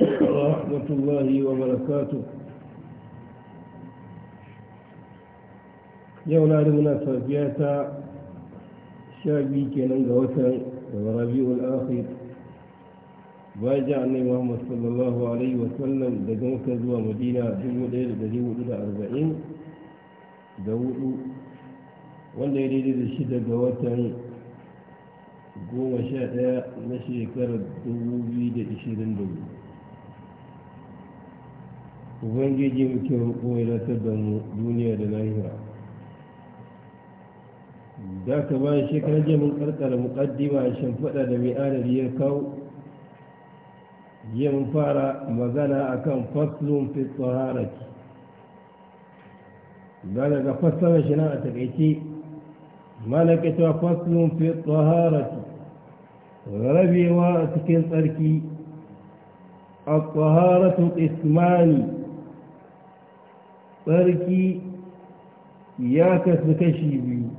ورحمة الله وبركاته يولا لمنا صفياتا شابي كنان غوثا وربيع الآخر باجع أن محمد صلى الله عليه وسلم دقمك زوى مدينة دمو دير دقيم دولة أربعين دولو wanda ya daidai da shida ga watan goma sha ɗaya na shekarar 2022 ubangiji muke roƙo ya latar da mu duniya da lahira da ka ba kan je mun karkara muƙaddima a shan faɗa da mai adadi ya kawo yin fara magana akan faslun fi tsararaki Da daga fassara shi na a takaice malaka ta faslun fi tsararaki rabewa a cikin tsarki a tsararatu ismani tsarki ya kasu kashi biyu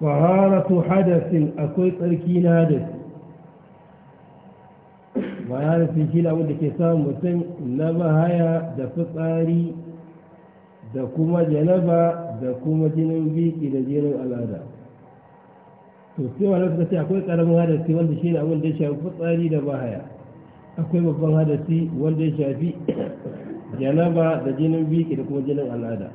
faharatu hadasin akwai tsarki na hadasi ba ya hadasin shi na da ke samun mutum na bahaya da fitsari da kuma janaba da kuma jinin biki da jinin al'ada to sai wani suka ce akwai karamin hadasi wanda shi ne abin da ya shafi fitsari da bahaya akwai babban hadasi wanda ya shafi janaba da jinin biki da kuma jinin al'ada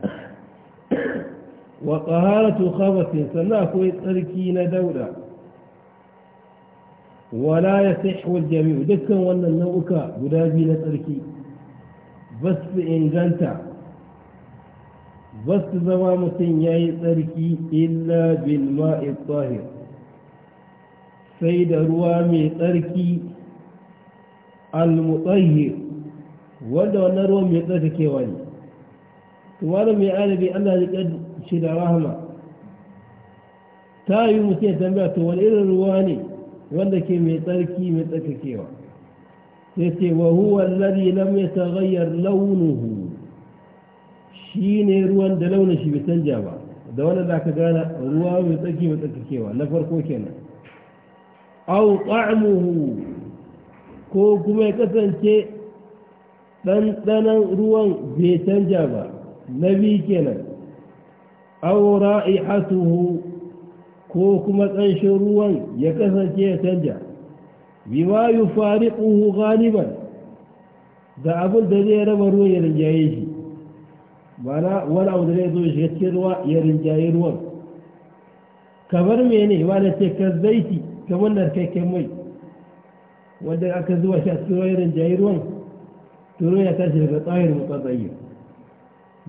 wa qaharatu khabathin sannan akwai tsarki na dauda wala yasihu al dukkan wannan nau'uka guda biyu na tsarki bas su inganta bas su zama mutum yayi tsarki illa bil ma'i tahir sai da ruwa mai tsarki al-mutahhir wanda wannan ruwan mai kewa ne da mai alibi allah ya shi da rahama ta yi mutum ya tambaya to wani irin ruwa ne wanda ke mai tsarki mai kewa. sai ce wa huwa alladhi lam yataghayyar launuhu Shi ne ruwan da launin shi bai canja ba da wanda za ka gana ruwa mai tsarki mai kewa na farko kenan au ƙa'amuhu ko kuma ya kasance ɗanɗanan ruwan bai canja ba na biyu kenan aura ihatuhu ko kuma ƙanshin ruwan ya kasance ya canja bima yi fariƙuhu galiban da abin da zai raba ruwan ya rinjaye shi mana wani abu da zai zo shi cikin ruwa ya rinjaye ruwan kamar mene ba da ce ka zaiti kamar narkakken mai wanda aka zuba shi a cikin ruwa ya rinjaye ruwan turo ya tashi daga tsayin mutsatsayi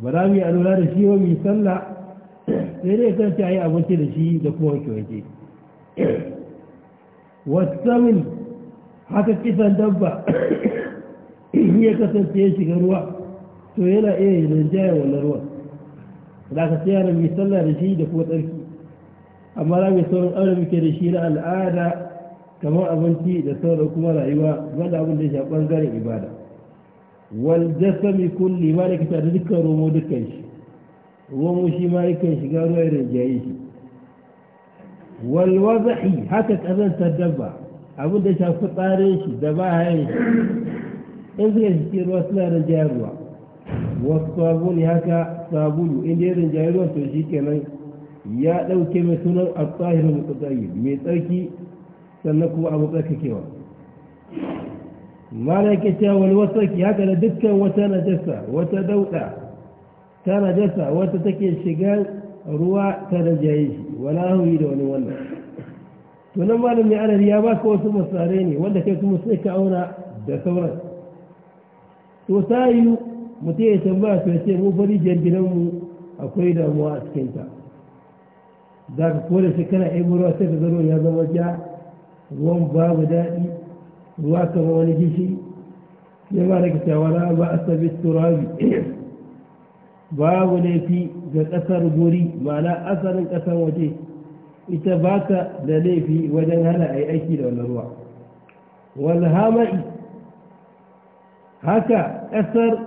ba za mu yi alula da shi wa mu yi sallah sai dai kan ta yi abinci da shi da kuma wanke wanke wasamin haka kisan dabba in ya kasance ya shiga ruwa to yana iya yi jaya wannan ruwan da aka sai yana mai sallah da shi da kuma tsarki amma za mu yi sauran aure muke da shi na al'ada kamar abinci da sauran kuma rayuwa wanda abin da ya shafi ɓangaren ibada wal kulli ma da duka da dukkan romo dukkan shi romo shi ma yakan shiga ruwa ya rinjaye shi wal wazahi haka kazantar dabba abin da shafi tsarin shi da ba hayan shi in suka shi ruwa suna rinjayar ruwa wasu sabuni haka sabulu in dai rinjayar ruwa to shi kenan ya ɗauke mai sunan al-tahir mai tsarki sannan kuma abu tsarkakewa malaka ta wal wasaki haka da dukkan wata najasa wata dauda ta najasa wata take shiga ruwa ta rajayi shi wala hawi da wani wannan to nan malam ya alari ya baka wasu masare ne wanda kai kuma sai ka aura da sauran to ta mutum ya tambaya to ce mu bari jiyar mu akwai damuwa a cikinta za ka kore shekara ɗaya ruwa sai da zaro ya zama ja ruwan babu daɗi ruwa kama wani gishi ya ba da kitawa ba a sabi turabi babu laifi ga ƙasar guri mana asalin ƙasar waje ita ba da laifi wajen hana a yi aiki da wannan ruwa walhama'i haka ƙasar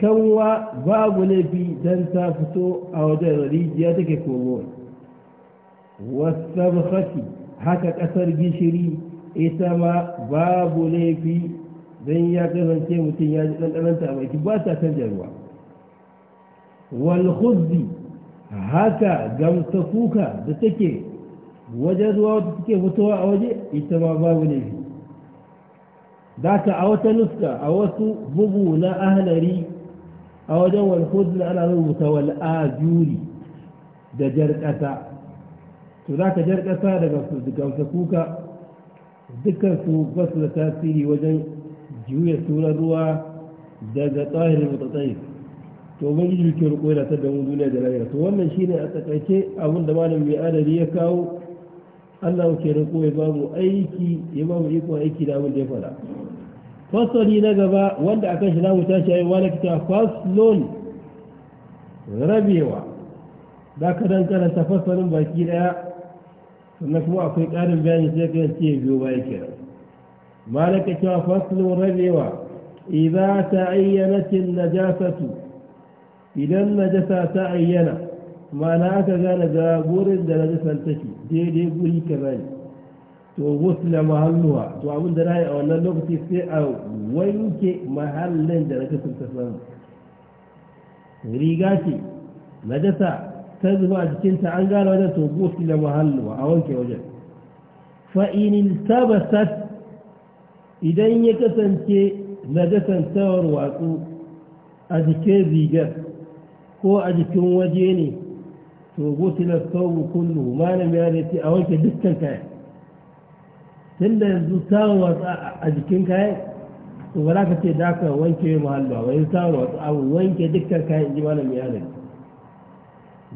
kanwa babu laifi don ta fito a wajen rijiya take komowa wasu haka ƙasar gishiri ita ma babu laifi don ya kasance mutum ya ji ɗanɗananta a baki ba ta canja ruwa walhuzi haka gamsa kuka da take wajen ruwa wata take fitowa a waje ita ma babu laifi daka a wata nuska a wasu bugu na ahalari a wajen na ana rubuta wal'ajuri da jar ƙasa to za ka jar ƙasa daga gamsa kuka dukansu ba su da tasiri wajen juya tura ruwa daga tsahirin mutatsari to ubangiji ke riko yana ta damu duniya da lahira to wannan ne a tsakaice abin da malam mai adadi ya kawo Allah ke riko ya babu aiki ya babu iko aiki da abin da ya fara fasali na gaba wanda a kan shi namu tashi yayin na kita faslon rabewa za ka dan karanta fasalin baki daya sannan kuma akwai ƙarin bayani sai ka ce biyo baya kenan malaka cewa faslun rabewa idza ta'ayyanat an-najasatu idan najasa ta ayyana Mana aka gane ga gurin da najasan take daidai guri ka ne to wusla mahalluwa to abin da yi a wannan lokaci sai a wanke mahallin da najasan ta samu riga ce najasa ta zuba a jikinta an gane wajen to da muhalluwa a wanke wajen fa'inin tabasat idan ya kasance na gasantawar watsu a jikin rigar ko a jikin waje ne to gusi na kawo kullu malam ya ce a wanke dukkan kayan tun da yanzu samun watsu a jikin kayan to ba za ka ce da aka wanke muhalluwa wani samun watsu abu wanke dukkan kayan ji malam ya ne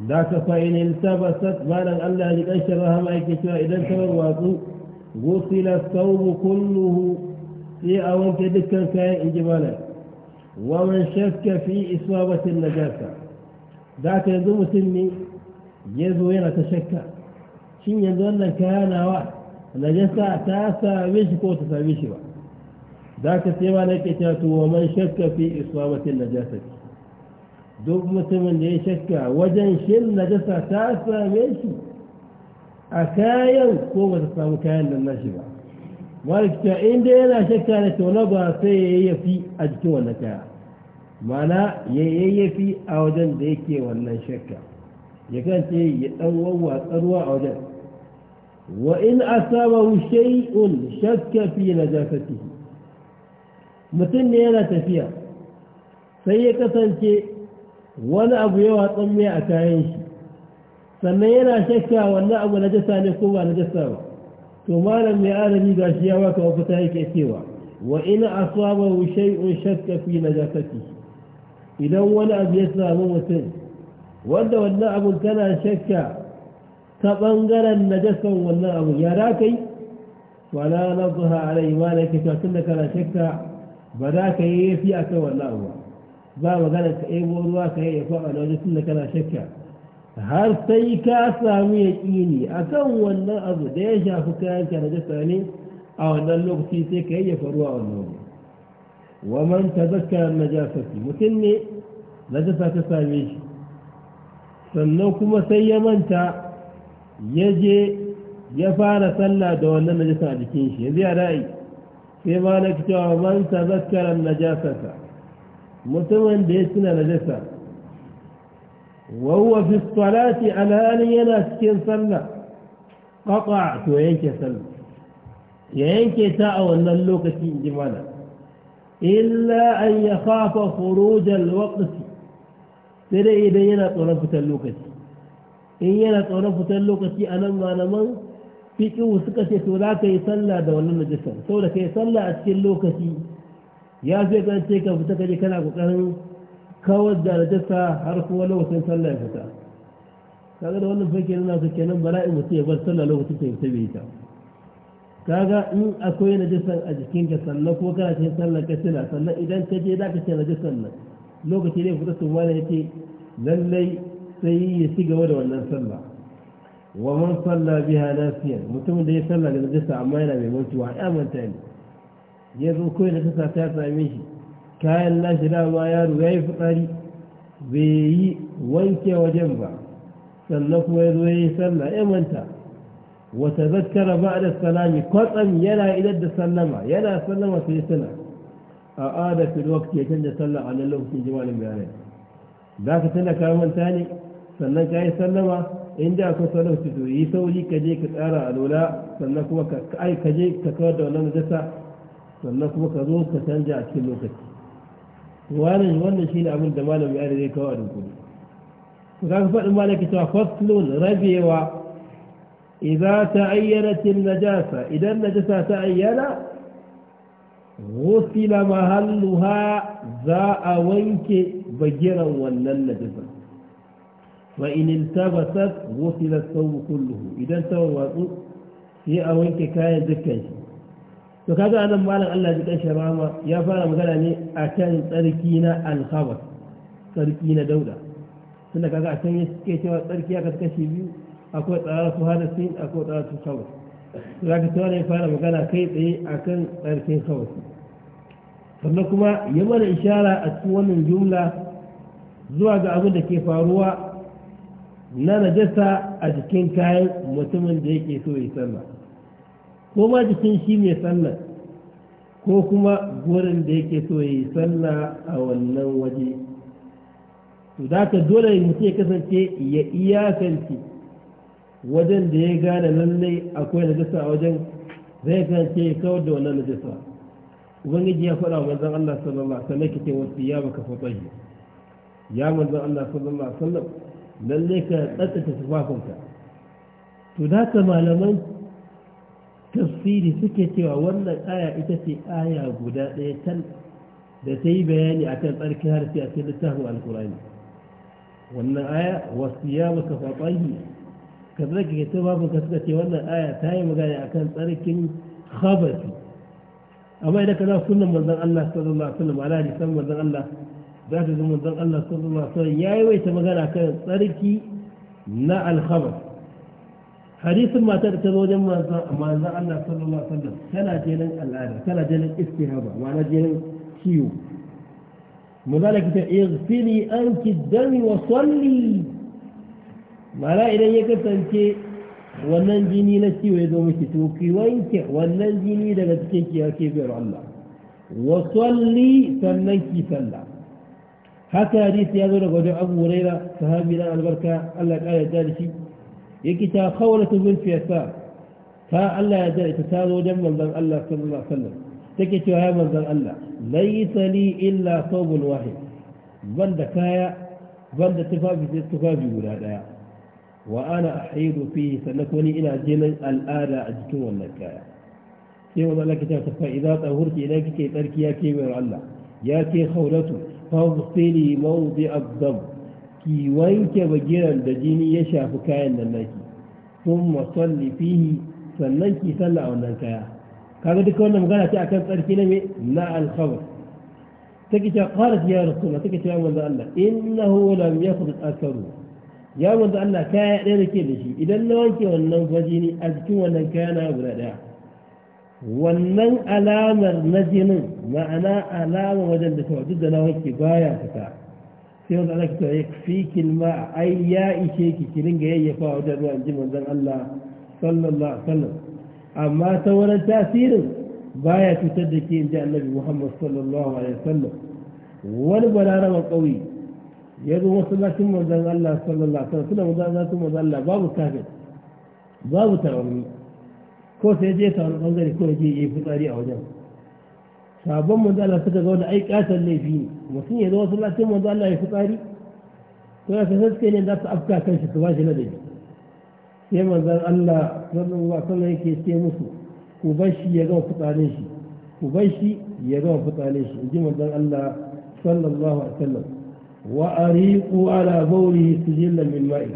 da ka fa'in iltabasat bayan Allah ya ƙarshen rahama yake cewa idan ta warwatsu gusila saubu kulluhu sai a wanke dukkan kayan in ji malam wa man shakka fi isabatin najasa da ka yanzu mutum ne ya zo yana ta shakka shin yanzu wannan kayanawa nawa najasa ta same shi ko ta same shi ba da ka sai ma na yake cewa to wa man shakka fi isabatin najasa duk mutumin da ya shakka wajen shin najasa ta same shi a kayan ko ba ta samu kayan da nashi ba walita inda yana shakka da tauna ba sai ya yi fi a jikin wannan kaya mana ya yi fi a wajen da yake wannan shakka ya kanta ya ɗan wawa ruwa a wajen wa in asabahu un shakka fi ciki? mutum ne yana tafiya sai ya kasance wani abu yawa tsamme a kayan shi sannan yana shakka wannan abu na jasa ne ko ba na jasa ba to malam mai adami ga shi yawa kawo fita yake cewa wa in asabahu shay'un shakka fi najasati idan wani abu ya samu mutum wanda wannan abun tana shakka ta bangaren najasan wannan abu ya da kai wala nadha alai ma la kika tunda kana shakka ba za ka yi yafi akan wannan abu ba magana ka ebo ruwa ka yi kwa wani wajen tun kana shakka har sai ka samu ya ƙini a kan wannan abu da ya shafi kayan ka na jasa ne a wannan lokaci sai ka yi ruwa a wannan wani. wa man ta zaka na su mutum ne na jasa ta same shi sannan kuma sai ya manta ya je ya fara sallah da wannan na najasa a jikin shi Ya zai a ra'ayi sai ma na cewa man ta zakkaran najasata mutumin da ya tuna najasa wahuwa fi salati alhalin yana cikin sallah ƙaƙa to yanke sallah ya yanke ta a wannan lokaci in ji mana illa an ya kafa furujal waƙasi sai dai idan yana tsoron fitar lokaci in yana tsoron fitar lokaci a nan malaman fiƙiwu suka ce to za ka yi sallah da wannan najasa saboda ka yi sallah a cikin lokaci ya zai kance ka fita kaje kana kokarin kawar da najasa har kuma lokacin sallah ya fita kaga da wannan fake nuna su kenan bala'i mutum ya bar sallah lokacin ta fita bai ta kaga in akwai najasan a jikin ka sallah ko kana cikin sallah ka tuna sallah idan ka je za ka ce najasan nan lokaci ne fita sun wani ce lallai sai ya ci gaba da wannan sallah wa man salla biha nasiyan mutumin da ya sallah da najasa amma yana mai mutuwa ya manta ne يبو كويل حسا تاتا ميشي كايل لاش لا مايار وي فقري بي وانكي وجنبا سلق ويدوي سلا امنتا إيه وتذكر بعد السلام قطم يلا إلى السلامة يلا سلم في سنة أعاد في الوقت يتنجى سلا على الله في جمال بيانين ذاك سنة كامل ثاني سلنك أي سلمة عند أكو سلوه تدو يسولي كجيك أرى الأولى سلنك وكأي كجيك تكرد ولن جسا sannan kuma ka zo ka canja a cikin lokaci wannan wannan shine abin da malam ya zai kawo a rukuni to kaga faɗin malaki cewa faslun rabewa idza ta'ayyanat an-najasa idan najasa ta ayyana ghusila mahalluha za a wanke bagiran wannan najasa wa in iltabasat ghusila thawb kulluhu idan ta watsu sai a wanke kayan dukkan shi to kaga anan malam Allah ji kan rama ya fara magana ne akan tsarki na alkhabar tsarki na dauda tunda kaga a can yake cewa tsarki ya kashi biyu akwai tsara ko hadasin akwai tsaratu khabar to kaga ne fara magana kai tsaye akan tsarkin khabar sannan kuma ya mana ishara a cikin wannan jumla zuwa ga abin da ke faruwa na najasa a jikin kayan mutumin da yake so ya sallah ko ma jikin shi mai sallar ko kuma gurin da yake so ya yi sallah a wannan waje to da ka dole mutum ya kasance ya iyakance wajen da ya gane lallai akwai najasa a wajen zai kasance ya kawar da wannan najasa ubangiji ya faɗa wa manzan Allah sallallahu alaihi wasallam kake wasu ya baka fatahi ya manzan Allah sallallahu alaihi wasallam lallai ka tsattace tufafinka to da ka malaman tafsiri suke cewa wannan aya ita ce aya guda ɗaya can da ta yi bayani a kan tsarki harfi a cikin littafin alkurani wannan aya wasu ya maka faɓahi ka zaki ka ce babu ka suka ce wannan aya ta yi magana a kan tsarkin khabasi amma idan ka za sunan manzan Allah zama su wasallam ala nisan manzan Allah za su zama manzan Allah su zama su ya yi ta magana kan tsarki na alkhabas hadisin mata da ta zo wajen manzan Allah sallallahu alaihi wasallam tana jinin al'ada tana jinin istihaba ma'ana jinin ciwo muzalaki ta irfili an ki dami wa salli ma'ana idan ya kasance wannan jini na ciwo ya zo miki to ki wanke wannan jini daga cikin ki ya ke biyar Allah wa salli sannan ki sallah haka hadisi ya zo daga wajen Abu Hurairah sahabi na albarka Allah ya kare ta da shi yake ta khawlatu binti yasar ta Allah ya dare ta tazo dan manzon Allah sallallahu alaihi wasallam take cewa ya manzon Allah laysa li illa thawbul wahid banda kaya banda tufafi sai tufafi guda daya wa ana ahidu fi sannan kuma ni ina jinin al'ada a jikin wannan kaya sai wanda Allah ke ta fa idza tahurti idan kike tsarki ya ke bayar Allah ya ke khawlatu fa fili mawdi abdab ki wanke bagiran da jini ya shafi kayan nan naki kun masalli fihi sannan ki salla a wannan kaya kaga duka wannan magana ce akan tsarki na me na alkhabar take ce qalat ya rasulullah take ce ya Allah innahu lam yakhdud asaru ya wanda Allah kaya ɗaya nake da shi idan na wanke wannan fajini a cikin wannan kaya na guda ɗaya wannan alamar na jinin ma'ana alamar wajen da ta duk da na wanke baya fita sai wanda Allah ta fi fikin ma ai ya ishe ki kirin ga yayyafa wa wajen ruwan ji manzon Allah sallallahu alaihi wasallam amma ta wurin tasirin baya cutar da ke inji annabi Muhammad sallallahu alaihi wasallam wani balaraba kauye ya zo wasu masallacin manzon Allah sallallahu alaihi wasallam suna masallacin manzon Allah babu kafin babu tarawih ko sai je ta wani bangare ko je yi fitsari a wajen sabon manzo Allah suka ga wani aikatan laifi ne mutum ya zo wasu latin manzo Allah ya fitsari to ya kasa suke ne za su afka kan shi su ba shi ladabi sai manzo Allah sallallahu alaihi wasallam yake ce musu ku bar shi ya ga fitsarin shi ku bar shi ya ga fitsarin shi inji manzo Allah sallallahu alaihi wasallam wa ariqu ala bawlihi sijillan min ma'i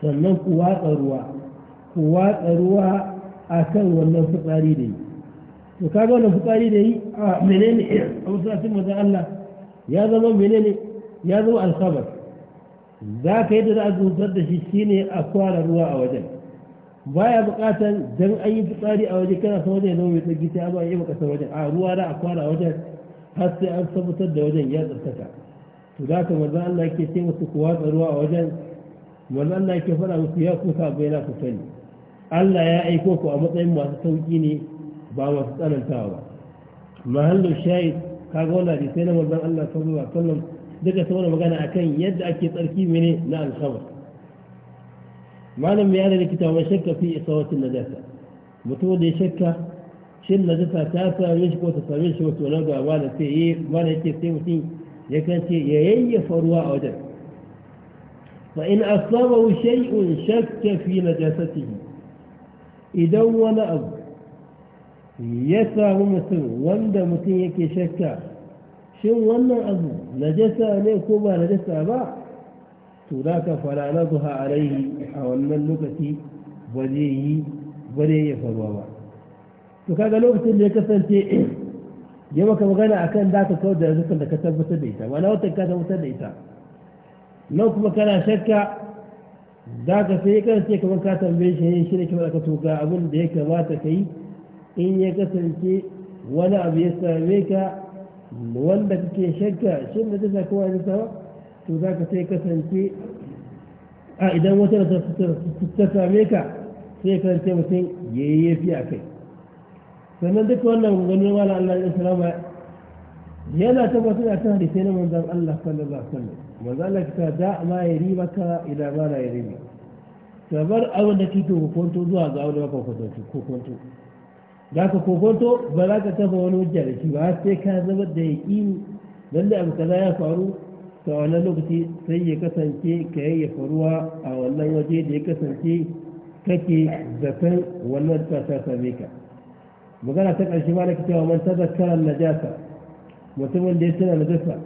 sannan ku watsa ruwa ku watsa ruwa akan wannan fitsari da yi to kaga wannan fitsari da yi a menene a masallacin manzon Allah ya zama menene ya zama alkhabar za ka yi da za a zubar da shi Shi ne a kwara ruwa a wajen baya bukatan don an yi fitsari a waje kana san wajen zama mai tsarki sai a yi baka wajen a ruwa da a kwara a wajen har sai an tabbatar da wajen ya tsarkaka to da ka manzon Allah ke ce musu ku watsa ruwa a wajen manzon Allah ke faɗa musu ya kusa bai na ku sani Allah ya aiko ku a matsayin masu sauƙi ne ba masu tsanantawa ba mahallin ka ga wannan hadisai na manzon Allah sallallahu alaihi wasallam duka sai wani magana akan yadda ake tsarki mene na alkhawar malam ya da likita wa shakka fi isawatin najasa mutum da ya shakka shin najasa ta same shi ko ta same shi wato na gaba da sai yi mana yake sai mutum ya kance ya yayyafa ruwa a wajen fa in asabahu shay'un shakka fi najasatihi idan wani abu ya samu mutum wanda mutum yake shakka shin wannan abu najasa ne ko ba najasa ba to za ka fara na zuha a a wannan lokaci ba zai yi ba zai yi faruwa ba to kaga lokacin da ya kasance ya maka magana kan da ka kawo da rizukan da ka tabbatar da ita na watan ka tabbatar da ita nan kuma kana shakka za ka sai ya kasance kamar ka tambaye shi ne shi ne kamar ka tuka ga abin da ya kamata ka yi in ya kasance wani abu ya same ka wanda kake shakka shi ne ta saka wani sawa to za ka sai kasance a idan wata da ta same ka sai ka kasance mutum ya yi yafi a kai sannan duka wannan ganin wala Allah ya salama yana tabbatar da ta hadisai na manzan Allah sallallahu alaihi wasallam manzan Allah ka da ma ya riba ka idan ma na ya riba kamar abin da kike hukunto zuwa ga abin da baka hukunto da ka kokonto ba za ka tafa wani hujja da shi ba sai ka zama da yaƙini don da abu kaza ya faru ta wannan lokaci sai ya kasance ka ya faruwa a wannan waje da ya kasance kake zaton wannan tasa same ka magana ta ƙarshe ma da ka cewa man tazakkara najasa mutumin da ya tuna najasa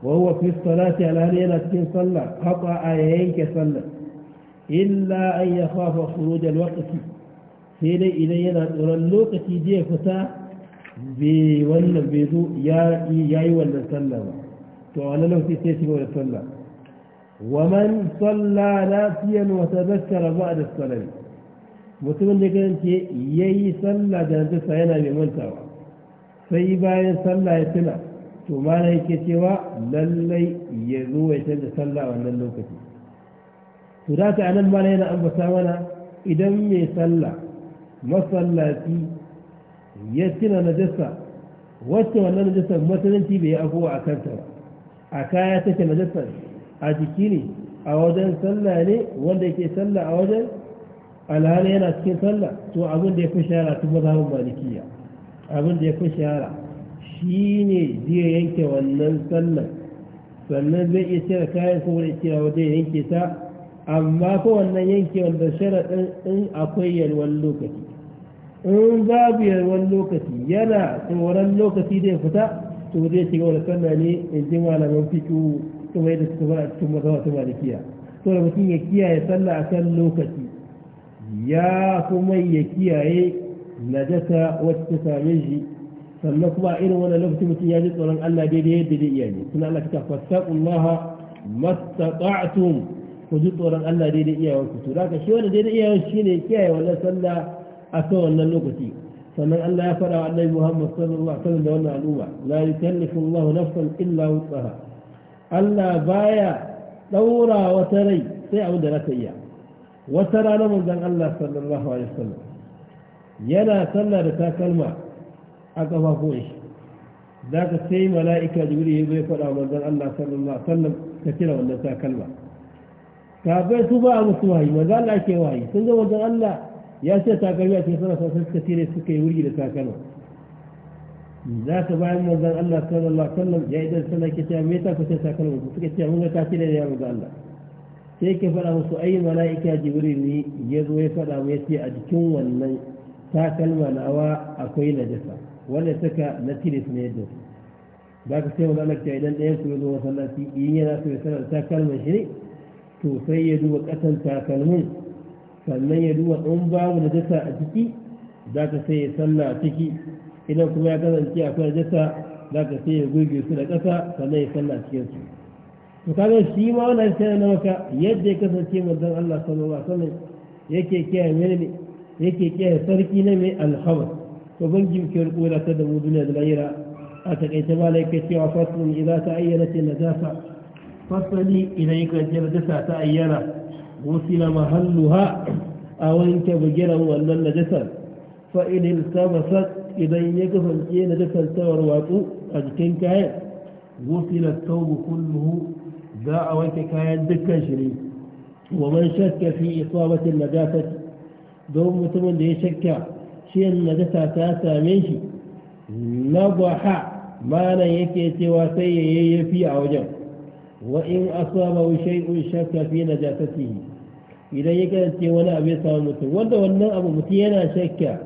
wa fi salati alhali yana cikin sallah haƙa a ke sallah illa an ya furu da lokaci sai dai idan yana tsoron lokaci ya fita bai wannan bai zo ya yi wannan sallah ba to a wannan lokaci sai shiga wani sallah wa waman salla lafiyan wa tazakkara da salati mutumin da ce ya yi sallah da na zasa yana mai mantawa sai bayan sallah ya tuna to mana yake cewa lallai ya zo ya canza sallah wannan lokaci to da ta anan mana yana ambata mana idan mai sallah masallaci ya cina najasa wacce wannan najasar masallaci bai yi abuwa a kanta ba a kaya take najasar a jiki ne a wajen sallah ne wanda yake sallah a wajen alhali yana cikin sallah to abin da ya fi shahara tun mazhabin malikiya abin da ya fi shahara shi ne zai yanke wannan sallar sannan zai iya cire kayan ko wani cewa wajen yanke ta amma ko wannan yanke wanda sharaɗin in akwai yalwar lokaci in babu yawan lokaci yana tsoron lokaci da ya fita to zai shiga wani sanna ne in ji malaman fiƙo kuma yadda suka bar a cikin mazawa ta malikiya to da mutum ya kiyaye sallah akan lokaci ya kuma ya kiyaye najasa wacce ta same shi sannan kuma irin wannan lokaci mutum ya ji tsoron Allah daidai yadda zai iya ne suna Allah ta fasaqullaha mastata'tum ku ji tsoron Allah daidai ku. to da ka shi wani daidai shi ne kiyaye wannan sallah akan wannan lokaci sannan Allah ya fara wa Annabi Muhammad sallallahu alaihi wasallam da wannan al'umma la yukallifu Allahu nafsan illa wus'aha Allah baya daura wata rai sai abin da zaka iya wata rana manzon Allah sallallahu alaihi wasallam yana sallah da takalma a kafafun shi zaka sai mala'ika jibril ya zo ya wa manzon Allah sallallahu alaihi wasallam ka kira wannan takalma kafai su ba musu wahayi maza Allah ke wahayi sun zo manzon Allah ya ce takalmi a cikin sana sassan suka ce ne suka yi wuri da takalma za ka bayan manzan Allah sallallahu alaihi wasallam ya idan sana ke cewa me ta ku ce takalma ku suka ce mun ga ta ce da ya manzan Allah sai ke faɗa musu ai mala'ika jibril ne ya zo ya faɗa mu ya ce a jikin wannan takalma nawa akwai najasa wanda suka na tilis ne yadda su ba ka sai wani ta idan ɗayan ku ya zo masallaci in yana so ya sanar takalman shi ne to sai ya duba ƙasan takalmin sannan ya duba in babu najasa a ciki za ka sai ya sallah a ciki idan kuma ya kasance akwai najasa za ka sai ya goge su da ƙasa sannan ya sallah a cikin su to kaga shi ma wannan sai na maka yadda ya kasance manzon Allah sallallahu alaihi wasallam yake kiyaye mene yake kiyaye sarki na mai alhamar to bangi ke kula ta da mu duniya da lahira a takaice ma laika cewa ayyana ce na jasa fasali idan na jasa ta ayyana غسل محلها أو إنك بجره وأن النجسة فإن التمست إذا يكفل إيه تور واتو أجتين كاين غسل الثوب كله ذا أو إنك كاية دكا شريف ومن شك في إصابة النجاسة دوم متمن دي شك شيء النجاسة تاسا منشي نضح ما لا يكي سوى في عوجه وإن أصابه شيء شك في نجاسته idan ya kasance wani abu ya samu mutum wanda wannan abu mutum yana shakka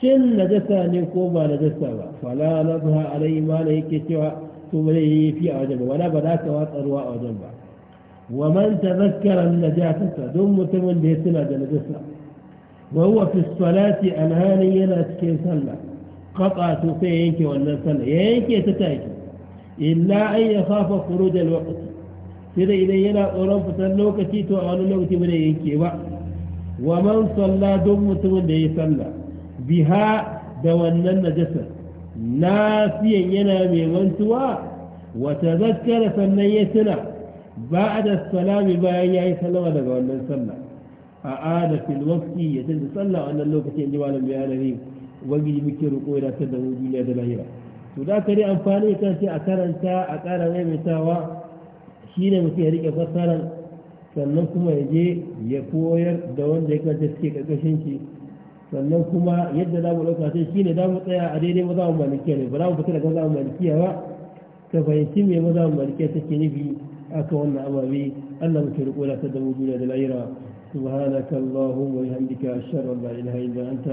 shin najasa ne ko ba najasa ba fala na zuha alai ma da yake cewa to ba zai yi fi a wajen ba wala ba za ka watsa ruwa a wajen ba wa man ta tazakkara najasata don mutumin da ya suna da najasa wa huwa fi salati alhali yana cikin sallah qata to sai yanke wannan sallah ya yanke ta take illa an yakhafa khuruj alwaqt sai da idan yana tsoron fitar lokaci to a wani lokaci ba da yanke ba wa man salla duk mutumin da ya salla biha da wannan najasar nasiyan yana mai mantuwa wata zaskara sannan ya tuna ba a da salami bayan ya yi salama daga wannan sallah a ada fil ya tunda sallah wannan lokacin ji malam bayanari ubangiji muke roƙo ya dace da mu duniya da lahira to da ka dai amfani kan ce a karanta a ƙara maimaitawa shi ne mutum ya riƙe fasaran sannan kuma ya je ya koyar da wanda ya kanta suke ƙarƙashin shi sannan kuma yadda za mu ɗauka sai shi ne za mu tsaya a daidai maza mu malikiya ne ba za mu fita daga maza mu malikiya ba ka fahimci me maza mu malikiya take nufi aka wannan ababe Allah mu ke riƙo da ta da mu duniya da lahira سبحانك اللهم وبحمدك أشهد أن لا إله إلا أنت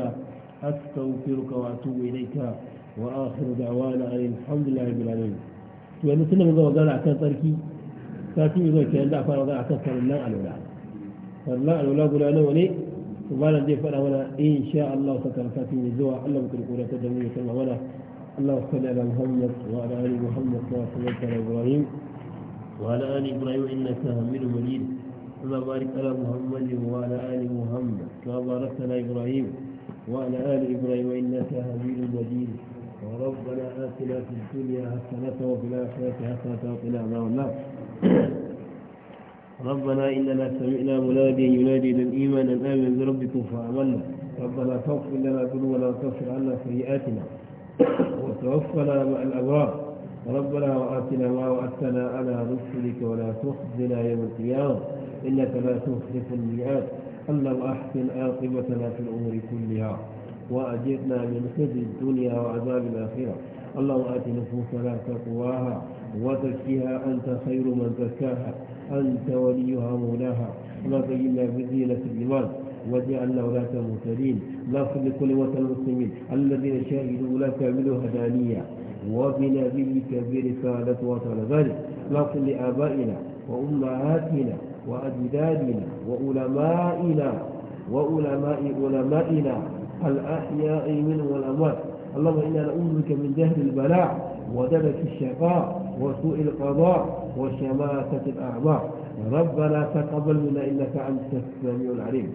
أستغفرك وأتوب إليك وآخر دعوانا أن الحمد لله رب العالمين. وأنا سنة من ذو ذلك kafin يقول kenan da fara za a على ولا alwala على ولا guda nawa ne to malam zai faɗa mana insha Allah ta karkafin ya zuwa Allah mutum kura ولا الله اللهم صل على محمد وعلى ال محمد كما صليت على ابراهيم وعلى ال ابراهيم انك حميد مجيد اللهم بارك على محمد وعلى ال محمد كما باركت على ابراهيم وعلى ال ابراهيم انك حميد مجيد وربنا اتنا في الدنيا حسنه وفي الاخره حسنه وقنا عذاب النار ربنا إننا سمعنا مناديا ينادي للإيمان أن آمن بربكم فأعملنا ربنا فاغفر لنا ذنوبنا وكفر عنا سيئاتنا وتوفنا مع الأبرار ربنا وآتنا ما وعدتنا على رسلك ولا تخزنا يوم القيامة إنك لا تخلف الميعاد اللهم أحسن عاقبتنا في الأمور كلها وأجرنا من خزي الدنيا وعذاب الآخرة اللهم آت نفوسنا تقواها وزكها أنت خير من زكاها أنت وليها مولاها اللهم زينا بزينة الإيمان وجعلنا ولاة مهتدين لا لكل وطن المسلمين الذين شهدوا لك بالهدانية وبنبيك برسالة وطن ذلك لا لآبائنا وأمهاتنا وأجدادنا وعلمائنا وعلماء علمائنا الأحياء من والأموات اللهم إنا نعوذ بك من جهل البلاء ودرك الشقاء وسوء القضاء وشماتة الأعمار ربنا تقبل منا إنك أنت السميع العليم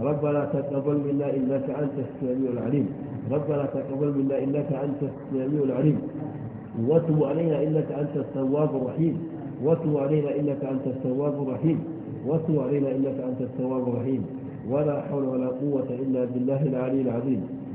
ربنا تقبل منا إنك أنت السميع العليم ربنا تقبل منا إنك أنت السميع العليم وتب علينا إنك أنت التواب الرحيم وتب علينا إنك أنت التواب الرحيم وتب علينا إنك أنت التواب الرحيم ولا حول ولا قوة إلا بالله العلي العظيم